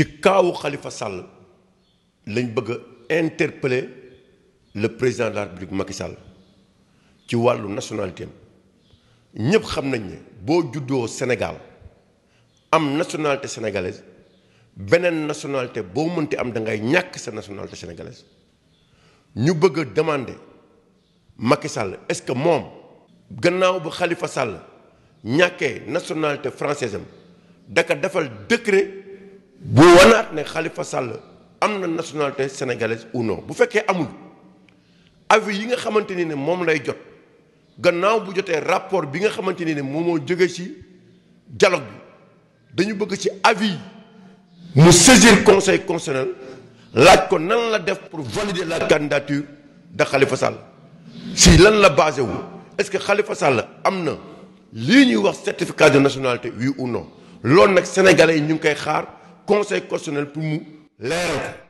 ci kaawu Khalifa Sall lañ bëgg a interpeller le président de la République Macky Sall ci wàllu nationalité am ñëpp xam nañ ne boo juddoo Sénégal am nationalité sénégalaise beneen nationalité boo mënti am da ngay ñàkk sa nationalité sénégalaise ñu bëgg a demander Macky est-ce que moom gannaaw bu xalifa Sall ñàkkee nationalité française am defal décret ne Khalifa Sall am na nationalité sénégalaise ou bu fekkee amul avis yi nga xamante ni ne moom lay jot gannaaw bu jotee rapport bi nga xamante ni ne moom moo jóge ci jalog bi dañu bëgg ci avis mu saisir conseil constitutionnel laaj ko nan la def pour valider la candidature de Khalifa Sall si lan la basé wu est-ce que Khalifa Sall am na lii ñuy wax certificat de nationalité oui uno non nag sénégalais yi ñu ngi koy xaar. conseil constitutionnel pour mu leeral ko